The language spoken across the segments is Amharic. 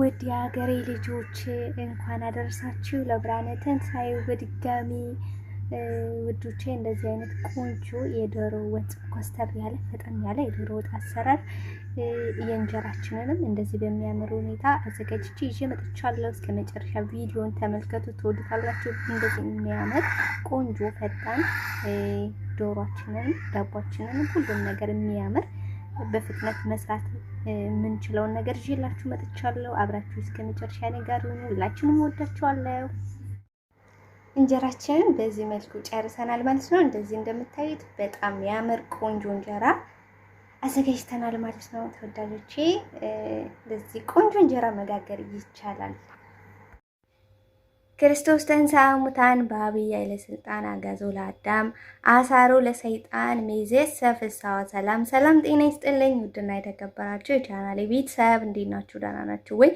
ውድ የሀገሬ ልጆች እንኳን አደረሳችሁ ለብርሃነ ትንሣኤ በድጋሚ ውዶቼ። እንደዚህ አይነት ቆንጆ የዶሮ ወጥ ኮስተር ያለ ፈጠን ያለ የዶሮ ወጥ አሰራር የእንጀራችንንም እንደዚህ በሚያምር ሁኔታ አዘጋጅቼ ይዤ መጥቻለሁ። እስከ መጨረሻ ቪዲዮን ተመልከቱ። ትወዱታላችሁ። እንደዚህ የሚያምር ቆንጆ ፈጣን ዶሯችንን፣ ዳቧችንን ሁሉም ነገር የሚያምር በፍጥነት መስራት የምንችለውን ነገር ይዤላችሁ መጥቻለሁ። አብራችሁ እስከ መጨረሻ እኔ ጋር ሁኑ። ሁላችንም ወዳችኋለሁ። እንጀራችንን በዚህ መልኩ ጨርሰናል ማለት ነው። እንደዚህ እንደምታዩት በጣም ያምር ቆንጆ እንጀራ አዘጋጅተናል ማለት ነው። ተወዳጆቼ በዚህ ቆንጆ እንጀራ መጋገር ይቻላል። ክርስቶስ ተንሥአ እሙታን በዐቢይ ኃይለ ሥልጣን አግዓዞ ለአዳም አሳሮ ለሰይጣን ሚእዜሰ ፍስሐ ሰላም ሰላም ጤና ይስጥልኝ። ውድና የተከበራችሁ የቻናሌ ቤተሰብ እንዴት ናችሁ? ደህና ናችሁ ወይ?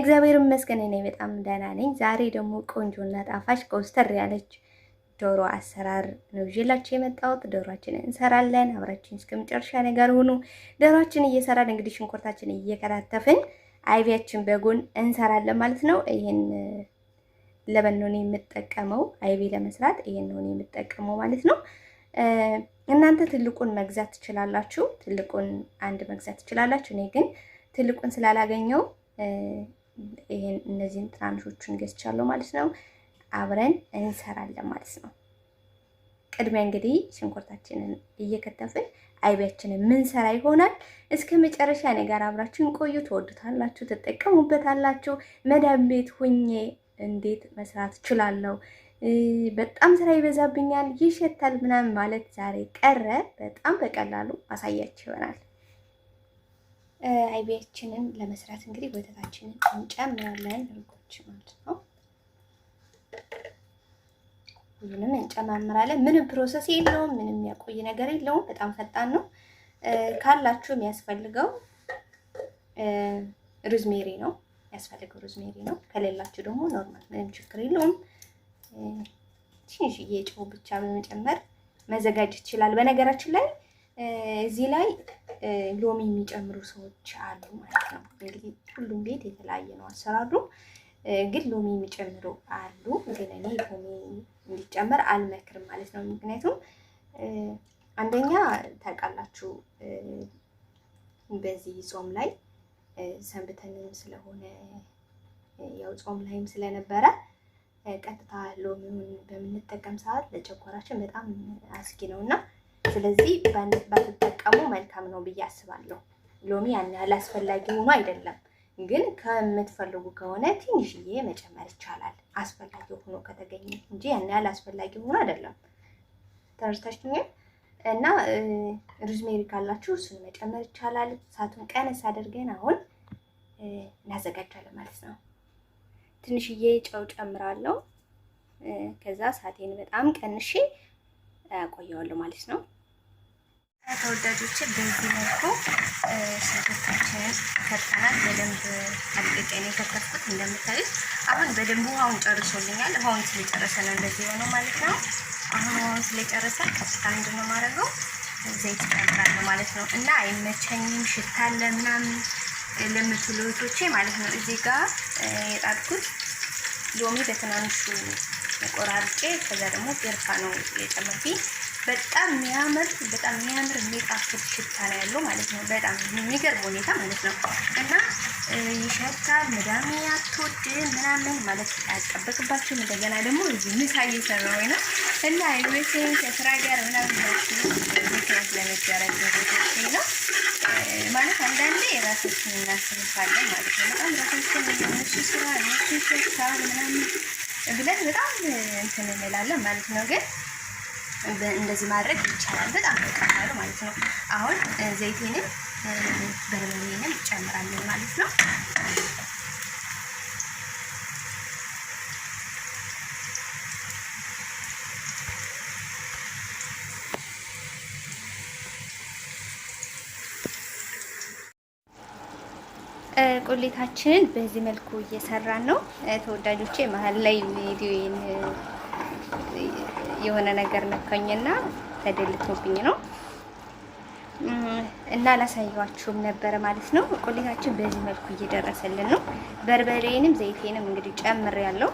እግዚአብሔር ይመስገን እኔ በጣም ደህና ነኝ። ዛሬ ደግሞ ቆንጆና ጣፋጭ ኮስተር ያለች ዶሮ አሰራር ነው ይዤላችሁ የመጣሁት። ዶሮአችንን እንሰራለን። አብራችን እስከ መጨረሻ ነገር ሁኑ። ዶሮአችን እየሰራን እንግዲህ ሽንኩርታችን እየከታተፍን አይቢያችን በጎን እንሰራለን ማለት ነው። ይሄን ነው የምጠቀመው አይቤ ለመስራት ይሄን ነው የምጠቀመው ማለት ነው። እናንተ ትልቁን መግዛት ትችላላችሁ። ትልቁን አንድ መግዛት ትችላላችሁ። እኔ ግን ትልቁን ስላላገኘው ይሄን እነዚህን ትናንሾቹን ገዝቻለሁ ማለት ነው። አብረን እንሰራለን ማለት ነው። ቅድሚያ እንግዲህ ሽንኩርታችንን እየከተፍን አይቢያችንን ምንሰራ ይሆናል። እስከ መጨረሻ እኔ ጋር አብራችሁን ቆዩ። ትወዱታላችሁ፣ ትጠቀሙበታላችሁ። መዳም ቤት ሁኜ እንዴት መስራት እችላለሁ? በጣም ስራ ይበዛብኛል፣ ይሸታል፣ ምናምን ማለት ዛሬ ቀረ። በጣም በቀላሉ አሳያችሁ ይሆናል። አይቤያችንን ለመስራት እንግዲህ ወተታችንን እንጨምራለን፣ እርጎች ማለት ነው። ሁሉንም እንጨማምራለን። ምንም ፕሮሰስ የለውም፣ ምንም የሚያቆይ ነገር የለውም። በጣም ፈጣን ነው። ካላችሁ የሚያስፈልገው ሩዝሜሪ ነው። ያስፈልገው ሮዝሜሪ ነው። ከሌላችሁ ደግሞ ኖርማል ምንም ችግር የለውም። ትንሽዬ ጨው ብቻ በመጨመር መዘጋጀት ይችላል። በነገራችን ላይ እዚህ ላይ ሎሚ የሚጨምሩ ሰዎች አሉ ማለት ነው። እንግዲህ ሁሉም ቤት የተለያየ ነው አሰራሩ፣ ግን ሎሚ የሚጨምሩ አሉ። ግን እኔ ሎሚ እንዲጨመር አልመክርም ማለት ነው። ምክንያቱም አንደኛ ታውቃላችሁ በዚህ ጾም ላይ ሰንብተንም ስለሆነ ያው ጾም ላይም ስለነበረ ቀጥታ ሎሚውን በምንጠቀም ሰዓት ለጨጓራችን በጣም አስጊ ነው እና ስለዚህ ባትጠቀሙ መልካም ነው ብዬ አስባለሁ። ሎሚ ያን ያህል አስፈላጊ ሆኖ አይደለም፣ ግን ከምትፈልጉ ከሆነ ትንሽዬ መጨመር ይቻላል። አስፈላጊ ሆኖ ከተገኘ እንጂ ያን ያህል አስፈላጊ ሆኖ አይደለም። ተረድታችሁኛል? እና ሩዝሜሪ ካላችሁ እሱን መጨመር ይቻላል። እሳቱን ቀነስ አድርገን አሁን እናዘጋጃለን ማለት ነው። ትንሽዬ ጨው ጨምራለሁ። ከዛ እሳቴን በጣም ቀንሼ አቆየዋለሁ ማለት ነው። ተወዳጆች በዚህ መልኩ ሽንኩርታችንን ከተናል። በደንብ አድቅቄ ነው የከተፍኩት። እንደምታዩት አሁን በደንብ ውሃውን ጨርሶልኛል። ውሃውን ስለጨረሰ ነው እንደዚህ የሆነው ማለት ነው። አሁን ውሃውን ስለጨረሰ ከፍታ ምንድን ነው ማድረገው ዘይት ጨምራለሁ ማለት ነው። እና አይመቸኝም ሽታ አለ ለምትሉ እህቶቼ ማለት ነው። እዚህ ጋር የጣድኩት ሎሚ በትናንሹ ቆራርጬ ከዛ ደግሞ ቅርፋ ነው የጨመርኩኝ በጣም የሚያምር በጣም የሚያምር የሚጣፍጥ ሽታ ነው ያለው ማለት ነው። በጣም የሚገርም ሁኔታ ማለት ነው። እና ይሸታል ምዳሜ አትወድ ምናምን ማለት አያጠበቅባችሁም። እንደገና ደግሞ እዚህ ምሳ ወይ ነው እና አይቤሴን ከስራ ጋር ምናምን ምክንያት ለመደረግ ነው ማለት አንዳንዴ የራሳችን እናስብሳለን ማለት ነው። በጣም ራሳችን እነሱ ስራ እነሱ ሽታ ምናምን ብለን በጣም እንትን እንላለን ማለት ነው ግን እንደዚህ ማድረግ ይቻላል። በጣም በቀላሉ ማለት ነው። አሁን ዘይቴንም በርበሬንም ጨምራለን ማለት ነው። ቁሌታችንን በዚህ መልኩ እየሰራን ነው ተወዳጆቼ። መሀል ላይ ቪዲዮ የሆነ ነገር ነካኝና ተደልቶብኝ ነው እና አላሳየዋችሁም ነበረ ማለት ነው። ቁሌታችን በዚህ መልኩ እየደረሰልን ነው። በርበሬንም ዘይቴንም እንግዲህ ጨምር ያለው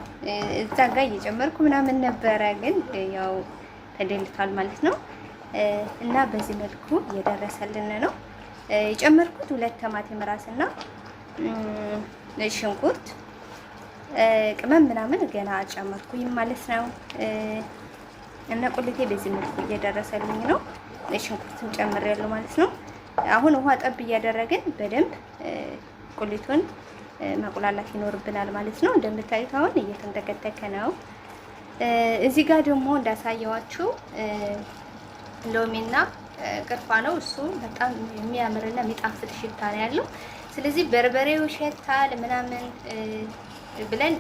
እዛ ጋር እየጨመርኩ ምናምን ነበረ፣ ግን ያው ተደልቷል ማለት ነው። እና በዚህ መልኩ እየደረሰልን ነው። የጨመርኩት ሁለት ቲማቲም ራስና ሽንኩርት ቅመም ምናምን ገና አልጨመርኩኝም ማለት ነው። እና ቁልቴ በዚህ መልኩ እየደረሰልኝ ነው። ሽንኩርትም ጨምሬያለሁ ማለት ነው። አሁን ውሃ ጠብ እያደረግን በደንብ ቁሊቱን መቁላላት ይኖርብናል ማለት ነው። እንደምታዩት አሁን እየተንተከተከ ነው። እዚህ ጋር ደግሞ እንዳሳየዋችሁ ሎሚና ቅርፋ ነው። እሱ በጣም የሚያምርና የሚጣፍጥ ሽታ ነው ያለው። ስለዚህ በርበሬው ሸታል ምናምን ብለን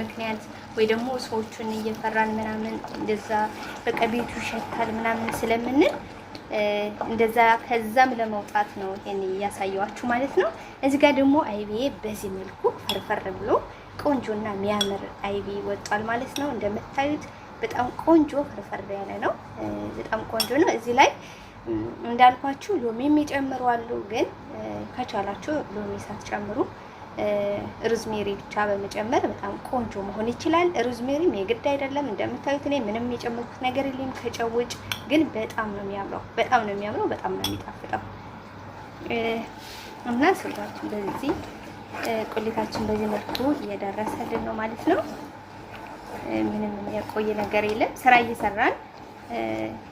ምክንያት ወይ ደግሞ ሰዎቹን እየፈራን ምናምን እንደዛ በቃ ቤቱ ይሸታል ምናምን ስለምንል እንደዛ ከዛም ለመውጣት ነው ይሄን እያሳየዋችሁ ማለት ነው። እዚህ ጋር ደግሞ አይቤ በዚህ መልኩ ፈርፈር ብሎ ቆንጆና የሚያምር አይቤ ወጧል ማለት ነው። እንደምታዩት በጣም ቆንጆ ፈርፈር ያለ ነው። በጣም ቆንጆ ነው። እዚህ ላይ እንዳልኳችሁ ሎሚ የሚጨምሩ አሉ። ግን ከቻላችሁ ሎሚ ሳትጨምሩ ሩዝሜሪ ብቻ በመጨመር በጣም ቆንጆ መሆን ይችላል። ሩዝሜሪም የግድ አይደለም። እንደምታዩት እኔ ምንም የጨመርኩት ነገር የለም ከጨው ውጭ፣ ግን በጣም ነው የሚያምረው። በጣም ነው የሚያምረው። በጣም ነው የሚጣፍጠው እና ስጋችን በዚህ ቁሌታችን በዚህ መልኩ እየደረሰልን ነው ማለት ነው። ምንም የቆየ ነገር የለም። ስራ እየሰራን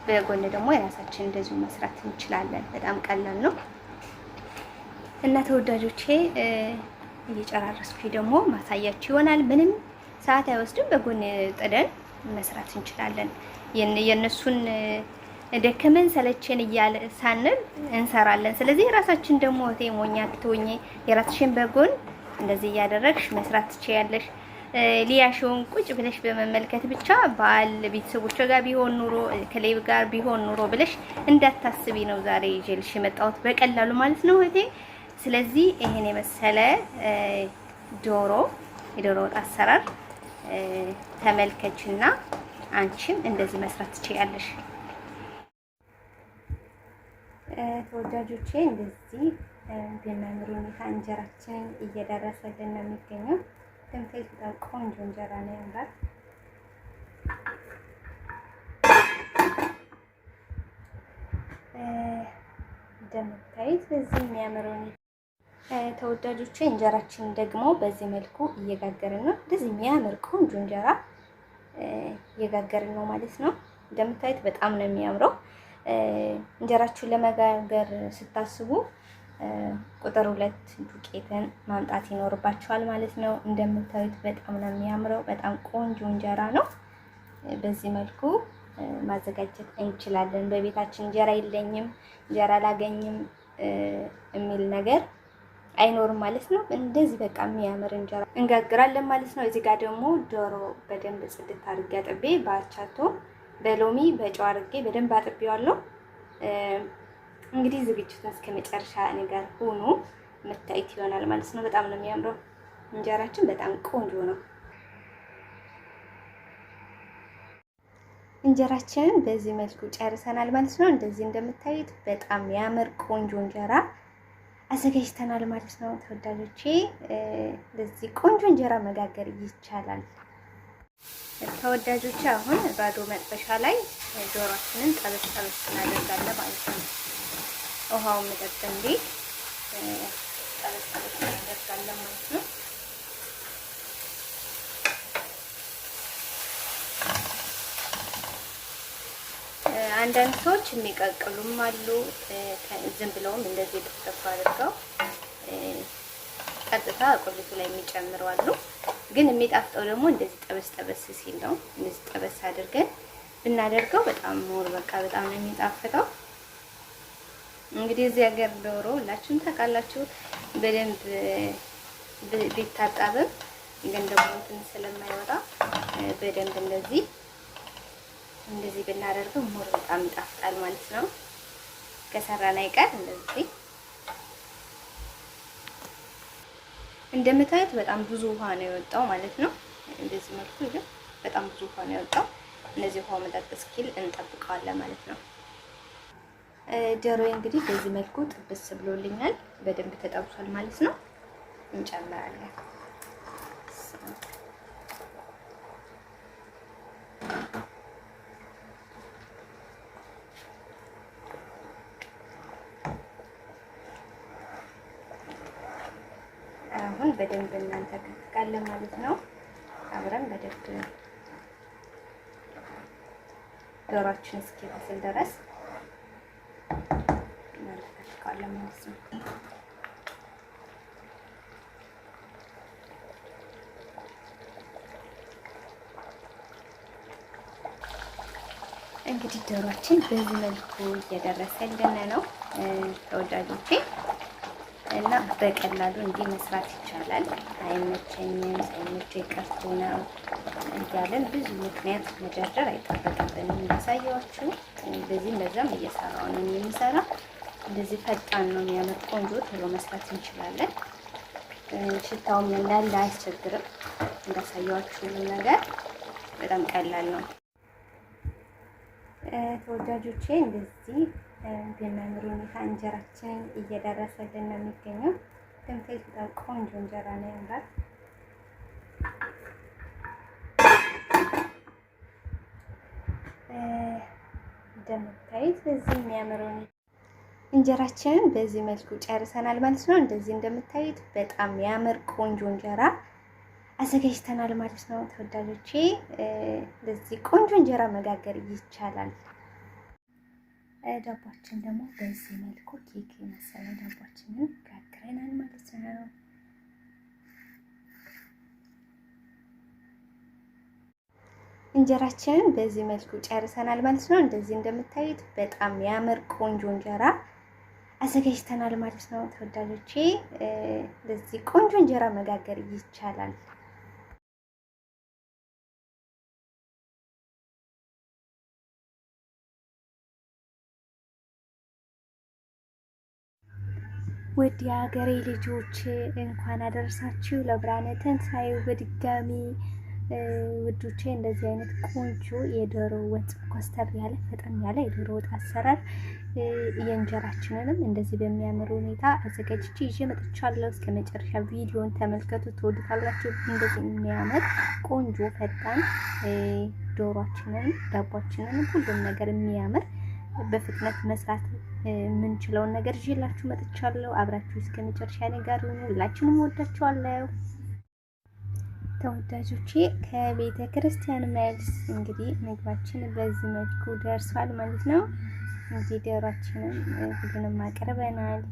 በጎን ደግሞ የራሳችን እንደዚሁ መስራት እንችላለን። በጣም ቀላል ነው እና ተወዳጆቼ እየጨራረስኩኝ ደግሞ ማሳያችሁ ይሆናል። ምንም ሰዓት አይወስድም። በጎን ጥደን መስራት እንችላለን። የእነሱን ደከመን ሰለችን እያለ ሳንል እንሰራለን። ስለዚህ የራሳችን ደግሞ ቴ ሞኛ ትሆኜ የራስሽን በጎን እንደዚህ እያደረግሽ መስራት ትችያለሽ። ሊያሽውን ቁጭ ብለሽ በመመልከት ብቻ ባል ቤተሰቦቿ ጋር ቢሆን ኑሮ ከሌብ ጋር ቢሆን ኑሮ ብለሽ እንዳታስቢ ነው ዛሬ ይዤልሽ የመጣሁት በቀላሉ ማለት ነው እህቴ ስለዚህ ይሄን የመሰለ ዶሮ የዶሮ ወጥ አሰራር ተመልከችና አንቺም እንደዚህ መስራት ትችያለሽ። ተወዳጆቼ እንደዚህ በሚያምር ሁኔታ እንጀራችንን እየደረሰልን ነው የሚገኘው። እንደምታዩት በጣም ቆንጆ እንጀራ ነው ያምራል። እንደምታዩት በዚህ የሚያምር ሁኔታ ተወዳጆቹ እንጀራችን ደግሞ በዚህ መልኩ እየጋገርን ነው። እንደዚህ የሚያምር ቆንጆ እንጀራ እየጋገርን ነው ማለት ነው። እንደምታዩት በጣም ነው የሚያምረው። እንጀራችሁን ለመጋገር ስታስቡ ቁጥር ሁለት ዱቄትን ማምጣት ይኖርባችኋል ማለት ነው። እንደምታዩት በጣም ነው የሚያምረው። በጣም ቆንጆ እንጀራ ነው። በዚህ መልኩ ማዘጋጀት እንችላለን። በቤታችን እንጀራ የለኝም፣ እንጀራ አላገኝም የሚል ነገር አይኖርም ማለት ነው። እንደዚህ በቃ የሚያምር እንጀራ እንጋግራለን ማለት ነው። እዚህ ጋር ደግሞ ዶሮ በደንብ ጽድት አድርጌ አጥቤ በአርቻቶ በሎሚ በጨው አድርጌ በደንብ አጥቤዋለሁ። እንግዲህ ዝግጅቱን እስከ መጨረሻ እኔ ጋር ሆኖ መታየት ይሆናል ማለት ነው። በጣም ነው የሚያምረው እንጀራችን በጣም ቆንጆ ነው። እንጀራችንን በዚህ መልኩ ጨርሰናል ማለት ነው። እንደዚህ እንደምታዩት በጣም የሚያምር ቆንጆ እንጀራ አዘጋጅተናል ማለት ነው። ተወዳጆቼ ለዚህ ቆንጆ እንጀራ መጋገር ይቻላል። ተወዳጆች አሁን ባዶ መጥበሻ ላይ ዶሯችንን ጠበስ ጠበስ እናደርጋለን ማለት ነው። ውሃውን መጠጥ እንዴ ጠበስ ጠበስ እናደርጋለን ማለት ነው። አንዳንድ ሰዎች የሚቀቅሉም አሉ። ዝም ብለውም እንደዚህ ጥፍጥፍ አድርገው ቀጥታ ቁልቱ ላይ የሚጨምሩ አሉ። ግን የሚጣፍጠው ደግሞ እንደዚህ ጠበስ ጠበስ ሲል ነው። እንደዚህ ጠበስ አድርገን ብናደርገው በጣም ሞር በቃ በጣም ነው የሚጣፍጠው። እንግዲህ እዚህ ሀገር ዶሮ ሁላችሁም ታውቃላችሁ በደንብ ቢታጠብም ግን ደግሞ እንትን ስለማይወጣ በደንብ እንደዚህ እንደዚህ ብናደርገው ሞር በጣም ይጣፍጣል ማለት ነው። ከሰራን አይቀር እንደዚህ እንደምታዩት በጣም ብዙ ውሃ ነው የወጣው ማለት ነው። እንደዚህ መልኩ ይሁን። በጣም ብዙ ውሃ ነው የወጣው። እነዚህ ውሃ መጠጥ እስኪል እንጠብቀዋለን ማለት ነው። ዶሮዬ እንግዲህ በዚህ መልኩ ጥብስ ብሎልኛል። በደንብ ተጠብሷል ማለት ነው። እንጨምራለን በደንብ እናንተ ከትቃለን ማለት ነው። አብረን በደንብ ዶሯችን እስኪ ድረስ እናንተ ማለት ነው። እንግዲህ ዶሯችን በዚህ መልኩ እየደረሰልን ነው ተወዳጆቼ። እና በቀላሉ እንዲህ መስራት ይቻላል። አይመቸኝም፣ ሳይመቸኝ ቀርቶ ነው እያለን ብዙ ምክንያት መደርደር አይጠበቅብንም። እንዳሳያችሁ በዚህም በዛም እየሰራው ነው የሚሰራ እንደዚህ ፈጣን ነው የሚያምር ቆንጆ ቶሎ መስራት እንችላለን። ሽታውም እንዳለ አያስቸግርም። እንዳሳያችሁ ነገር በጣም ቀላል ነው ተወዳጆቼ እንደዚህ በሚያምር ሁኔታ እንጀራችን እየደረሰልን ነው የሚገኘው። ድንፍል በጣም ቆንጆ እንጀራ ነው ያምራል። እንደምታዩት በዚህ የሚያምር እንጀራችንን በዚህ መልኩ ጨርሰናል ማለት ነው። እንደዚህ እንደምታዩት በጣም የሚያምር ቆንጆ እንጀራ አዘጋጅተናል ማለት ነው። ተወዳጆቼ በዚህ ቆንጆ እንጀራ መጋገር ይቻላል። ዳቧችን ደግሞ በዚህ መልኩ ኬክ የመሰለ ዳቧችንን ጋግረናል ማለት ነው። እንጀራችንን በዚህ መልኩ ጨርሰናል ማለት ነው። እንደዚህ እንደምታዩት በጣም ያምር ቆንጆ እንጀራ አዘጋጅተናል ማለት ነው። ተወዳጆቼ፣ በዚህ ቆንጆ እንጀራ መጋገር ይቻላል። ውድ የሀገሬ ልጆች እንኳን አደረሳችሁ ለብርሃነ ትንሳኤ በድጋሚ ውዶቼ። እንደዚህ አይነት ቆንጆ የዶሮ ወጥ ኮስተር ያለ ፈጠን ያለ የዶሮ ወጥ አሰራር የእንጀራችንንም እንደዚህ በሚያምር ሁኔታ አዘጋጅቼ ይዤ መጥቻለሁ። እስከ መጨረሻ ቪዲዮን ተመልከቱ፣ ትወዱታላችሁ። እንደዚህ የሚያምር ቆንጆ ፈጣን ዶሯችንን ዳቧችንን ሁሉም ነገር የሚያምር በፍጥነት መስራት የምንችለውን ነገር ይዤላችሁ መጥቻለሁ። አብራችሁ እስከ መጨረሻ እኔ ጋር ሆኑ። ሁላችንም ወዳችኋለሁ ተወዳጆቼ። ከቤተ ክርስቲያን መልስ እንግዲህ ምግባችን በዚህ መልኩ ደርሷል ማለት ነው። እንግዲህ ዶሯችንን ሁሉንም አቅርበናል፣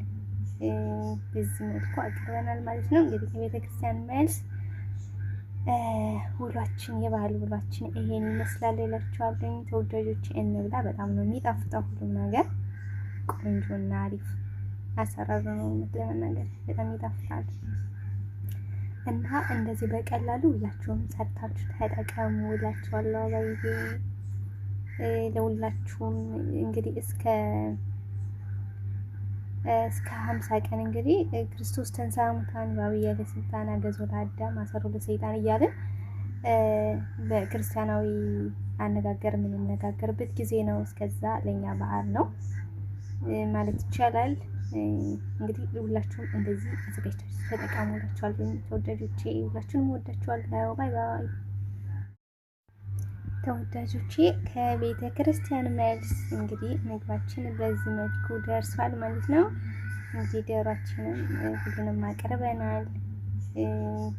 በዚህ መልኩ አቅርበናል ማለት ነው። እንግዲህ ከቤተ ክርስቲያን መልስ ውሏችን የባህል ውሏችን ይሄን ይመስላል እላችኋለሁ። ተወዳጆች እንብላ። በጣም ነው የሚጣፍጠው ሁሉም ነገር ቆንጆና አሪፍ አሰራር ነው። እውነት ለመናገር በጣም ይጣፍጣል እና እንደዚህ በቀላሉ ሁላችሁም ሰርታችሁ ተጠቀሙ እላችኋለሁ። ባይዜ ለሁላችሁም እንግዲህ እስከ እስከ ሀምሳ ቀን እንግዲህ ክርስቶስ ተንሥአ እሙታን ወአብየ ለስልጣነ አገዞ ለአዳም አሰሮ ለሰይጣን እያልን በክርስቲያናዊ አነጋገር የምንነጋገርበት ጊዜ ነው። እስከዛ ለእኛ በዓል ነው ማለት ይቻላል። እንግዲህ ሁላችሁም እንደዚህ ተዘጋጅታችሁ ተጠቃሙላችኋል። ተወዳጆቼ ሁላችሁንም ወዳችኋል። ባይ ባይ ተወዳጆቼ ከቤተ ክርስቲያን መልስ እንግዲህ ምግባችን በዚህ መልኩ ደርሷል ማለት ነው። እንግዲህ ዶሯችንን ሁሉንም አቅርበናል፣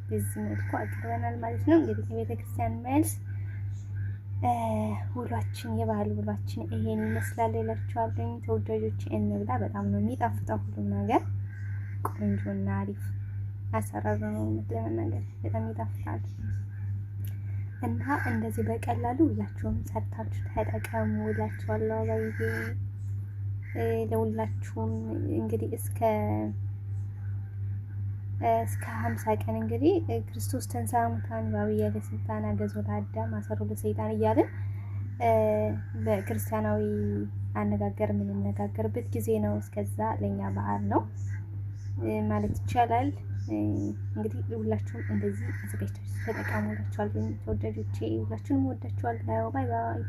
በዚህ መልኩ አቅርበናል ማለት ነው። እንግዲህ ከቤተ ክርስቲያን መልስ ውሏችን የባህል ውሏችን ይሄን ይመስላል እላችኋለሁ። ተወዳጆች እንብላ፣ በጣም ነው የሚጣፍጠው ሁሉም ነገር ቆንጆና አሪፍ አሰራሩ ነው ለመናገር በጣም ይጣፍጣል። እና እንደዚህ በቀላሉ ሁላችሁም ሰርታችሁ ተጠቀሙ እላችኋለሁ። አባዬ ለሁላችሁም እንግዲህ እስከ እስከ ሀምሳ ቀን እንግዲህ ክርስቶስ ተንሥአ እሙታን ወወሀበ ለስልጣነ አግዓዞ ለአዳም አሰሮ ለሰይጣን እያልን በክርስቲያናዊ አነጋገር የምንነጋገርበት ጊዜ ነው። እስከዛ ለእኛ በዓል ነው ማለት ይቻላል። እንግዲህ ሁላችሁም እንደዚህ አዘጋጅታችሁ ተጠቃሙላችኋል። ተወዳጆቼ ሁላችሁንም ወዳችኋል። ባይ ባይ